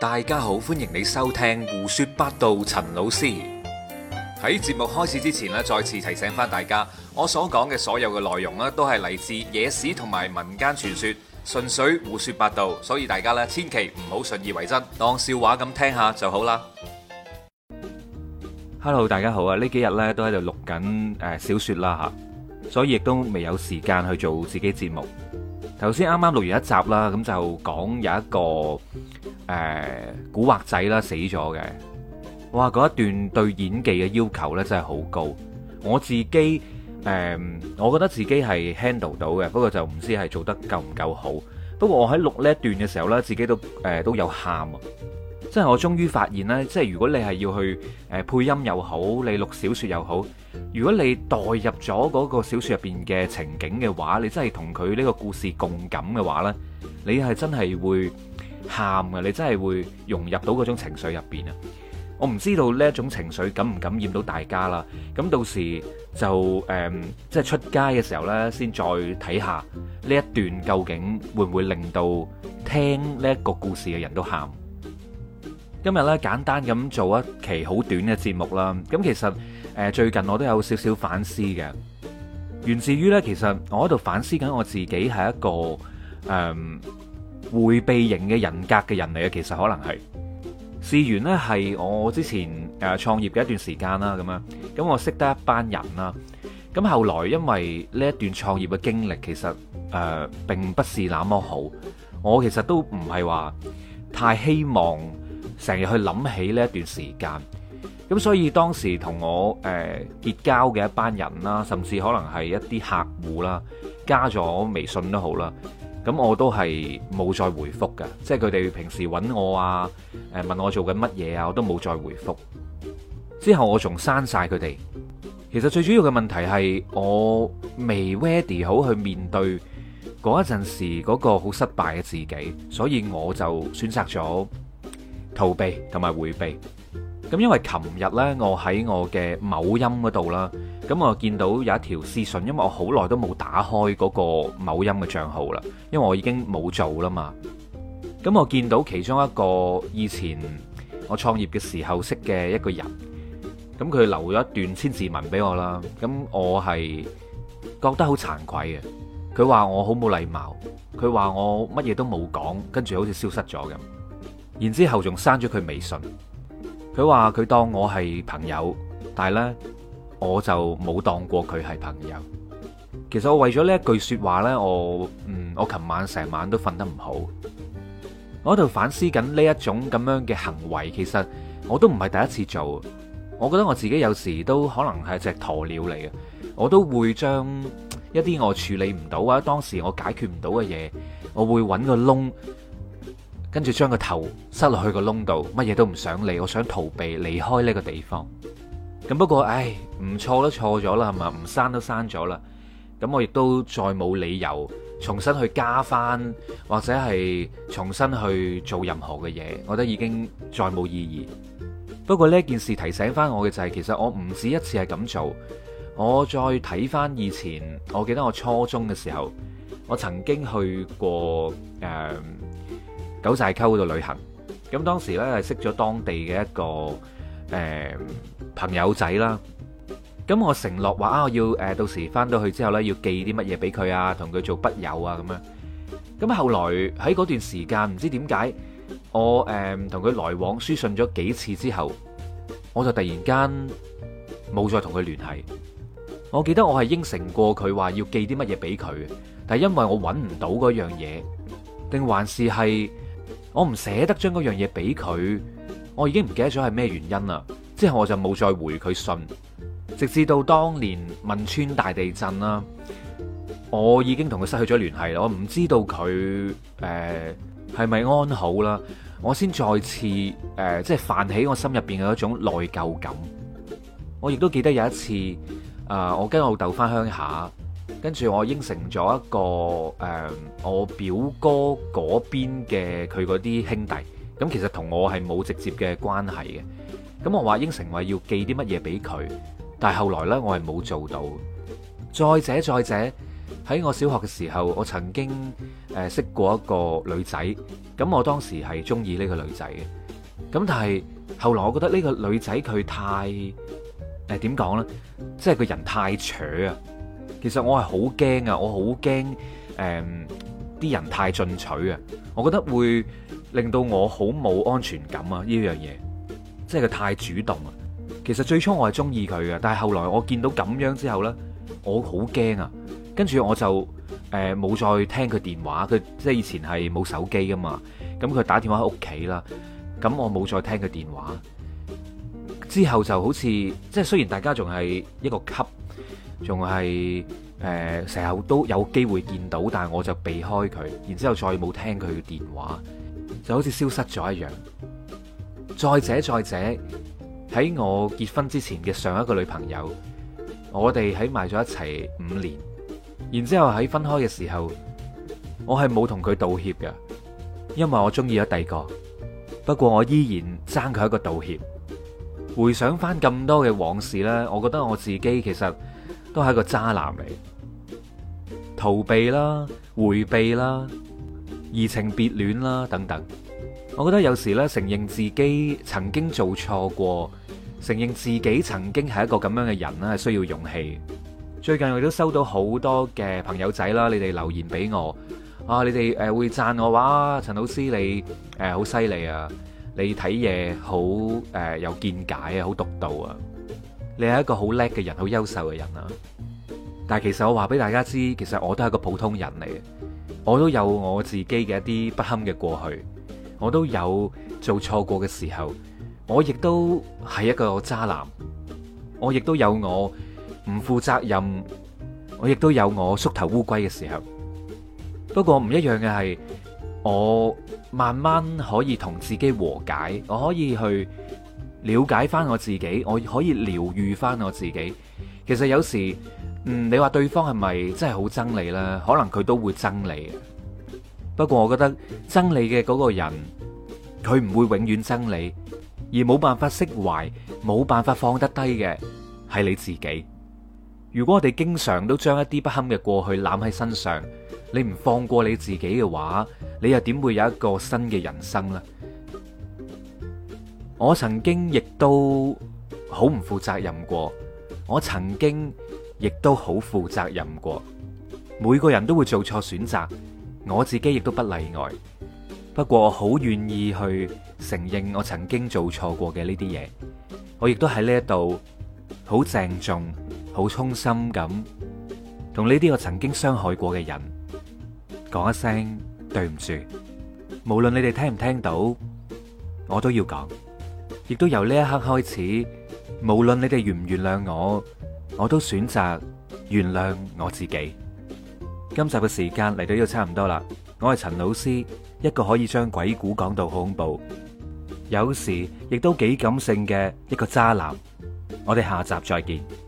大家好，歡迎你收聽胡說八道。陳老師喺節目開始之前呢，再次提醒翻大家，我所講嘅所有嘅內容呢都係嚟自野史同埋民間傳說，純粹胡說八道，所以大家呢千祈唔好信以為真，當笑話咁聽下就好啦。Hello，大家好啊！呢幾日呢都喺度錄緊誒小說啦吓，所以亦都未有時間去做自己節目。頭先啱啱錄完一集啦，咁就講有一個。誒古惑仔啦死咗嘅，哇！嗰一段對演技嘅要求咧真係好高。我自己誒，我覺得自己係 handle 到嘅，不過就唔知係做得夠唔夠好。不過我喺錄呢一段嘅時候咧，自己都誒都有喊啊！即係我終於發現咧，即係如果你係要去誒配音又好，你錄小説又好，如果你代入咗嗰個小説入邊嘅情景嘅話，你真係同佢呢個故事共感嘅話咧，你係真係會。喊啊，你真係會融入到嗰種情緒入邊啊！我唔知道呢一種情緒感唔感染到大家啦。咁到時就誒、呃，即係出街嘅時候呢，先再睇下呢一段究竟會唔會令到聽呢一個故事嘅人都喊。今日呢，簡單咁做一期好短嘅節目啦。咁其實誒、呃，最近我都有少少反思嘅，源自於呢。其實我喺度反思緊我自己係一個誒。呃回避型嘅人格嘅人嚟嘅，其實可能係。事緣呢係我之前誒、呃、創業嘅一段時間啦，咁樣，咁我識得一班人啦。咁後來因為呢一段創業嘅經歷，其實誒、呃、並不是那麼好。我其實都唔係話太希望成日去諗起呢一段時間。咁所以當時同我誒、呃、結交嘅一班人啦，甚至可能係一啲客戶啦，加咗微信都好啦。咁我都係冇再回覆㗎。即係佢哋平時搵我啊，誒問我做緊乜嘢啊，我都冇再回覆之後我仲刪晒佢哋。其實最主要嘅問題係我未 ready 好去面對嗰一陣時嗰個好失敗嘅自己，所以我就選擇咗逃避同埋回避。咁因為琴日呢，我喺我嘅某音嗰度啦，咁我見到有一條私信，因為我好耐都冇打開嗰個某音嘅賬號啦，因為我已經冇做啦嘛。咁我見到其中一個以前我創業嘅時候識嘅一個人，咁佢留咗一段千字文俾我啦。咁我係覺得好慚愧嘅，佢話我好冇禮貌，佢話我乜嘢都冇講，跟住好似消失咗咁，然之後仲刪咗佢微信。佢話佢當我係朋友，但係呢，我就冇當過佢係朋友。其實我為咗呢一句說話呢，我嗯，我琴晚成晚都瞓得唔好，我喺度反思緊呢一種咁樣嘅行為。其實我都唔係第一次做，我覺得我自己有時都可能係隻鴕鳥嚟嘅，我都會將一啲我處理唔到或者當時我解決唔到嘅嘢，我會揾個窿。跟住將個頭塞落去個窿度，乜嘢都唔想理，我想逃避離開呢個地方。咁不過，唉，唔錯都錯咗啦，係嘛？唔刪都刪咗啦。咁我亦都再冇理由重新去加翻，或者係重新去做任何嘅嘢，我覺得已經再冇意義。不過呢件事提醒翻我嘅就係、是，其實我唔止一次係咁做。我再睇翻以前，我記得我初中嘅時候，我曾經去過誒。嗯九寨溝嗰度旅行，咁當時咧係識咗當地嘅一個誒、嗯、朋友仔啦。咁我承諾話啊，我要誒、啊、到時翻到去之後咧，要寄啲乜嘢俾佢啊，同佢做筆友啊咁樣。咁後來喺嗰段時間，唔知點解我誒同佢來往書信咗幾次之後，我就突然間冇再同佢聯繫。我記得我係應承過佢話要寄啲乜嘢俾佢，但係因為我搵唔到嗰樣嘢，定還是係？我唔捨得將嗰樣嘢俾佢，我已經唔記得咗係咩原因啦。之後我就冇再回佢信，直至到當年汶川大地震啦，我已經同佢失去咗聯繫。我唔知道佢誒係咪安好啦，我先再次誒、呃、即係泛起我心入邊嘅一種內疚感。我亦都記得有一次，誒、呃、我跟我老豆翻鄉下。跟住我應承咗一個、嗯、我表哥嗰邊嘅佢嗰啲兄弟咁，其實同我係冇直接嘅關係嘅。咁我話應承話要寄啲乜嘢俾佢，但係後來呢，我係冇做到。再者，再者喺我小學嘅時候，我曾經誒、呃、識過一個女仔，咁我當時係鍾意呢個女仔嘅。咁但係後來我覺得呢個女仔佢太誒點講呢？即係個人太扯啊。其實我係好驚啊，我好驚誒啲人太進取啊，我覺得會令到我好冇安全感啊呢樣嘢，即係佢太主動啊。其實最初我係中意佢嘅，但係後來我見到咁樣之後呢，我好驚啊。跟住我就誒冇、呃、再聽佢電話，佢即係以前係冇手機噶嘛，咁佢打電話喺屋企啦，咁我冇再聽佢電話。之後就好似即係雖然大家仲係一個級。仲係誒，成日、呃、都有機會見到，但係我就避開佢，然之後再冇聽佢嘅電話，就好似消失咗一樣。再者，再者，喺我結婚之前嘅上一個女朋友，我哋喺埋咗一齊五年，然之後喺分開嘅時候，我係冇同佢道歉嘅，因為我中意咗第二個。不過我依然爭佢一個道歉。回想翻咁多嘅往事呢，我覺得我自己其實。都係一個渣男嚟，逃避啦、回避啦、移情別戀啦等等。我覺得有時咧，承認自己曾經做錯過，承認自己曾經係一個咁樣嘅人咧，係需要勇氣。最近我都收到好多嘅朋友仔啦，你哋留言俾我啊，你哋誒會讚我話陳老師你誒好犀利啊，你睇嘢好誒、呃、有見解啊，好獨到啊。你係一個好叻嘅人，好優秀嘅人啊！但係其實我話俾大家知，其實我都係一個普通人嚟嘅，我都有我自己嘅一啲不堪嘅過去，我都有做錯過嘅時候，我亦都係一個渣男，我亦都有我唔負責任，我亦都有我縮頭烏龜嘅時候。不過唔一樣嘅係，我慢慢可以同自己和解，我可以去了解翻我自己，我可以療癒翻我自己。其實有時，嗯，你話對方係咪真係好憎你啦？可能佢都會憎你。不過我覺得憎你嘅嗰個人，佢唔會永遠憎你，而冇辦法釋懷，冇辦法放得低嘅係你自己。如果我哋經常都將一啲不堪嘅過去攬喺身上，你唔放過你自己嘅話，你又點會有一個新嘅人生呢？我曾經亦都好唔負責任過，我曾經亦都好負責任過。每個人都會做錯選擇，我自己亦都不例外。不過，我好願意去承認我曾經做錯過嘅呢啲嘢。我亦都喺呢一度好鄭重、好衷心咁同呢啲我曾經傷害過嘅人講一聲對唔住。無論你哋聽唔聽到，我都要講。亦都由呢一刻開始，無論你哋原唔原諒我，我都選擇原諒我自己。今集嘅時間嚟到呢度差唔多啦，我係陳老 C，一個可以將鬼故講到好恐怖，有時亦都幾感性嘅一個渣男。我哋下集再見。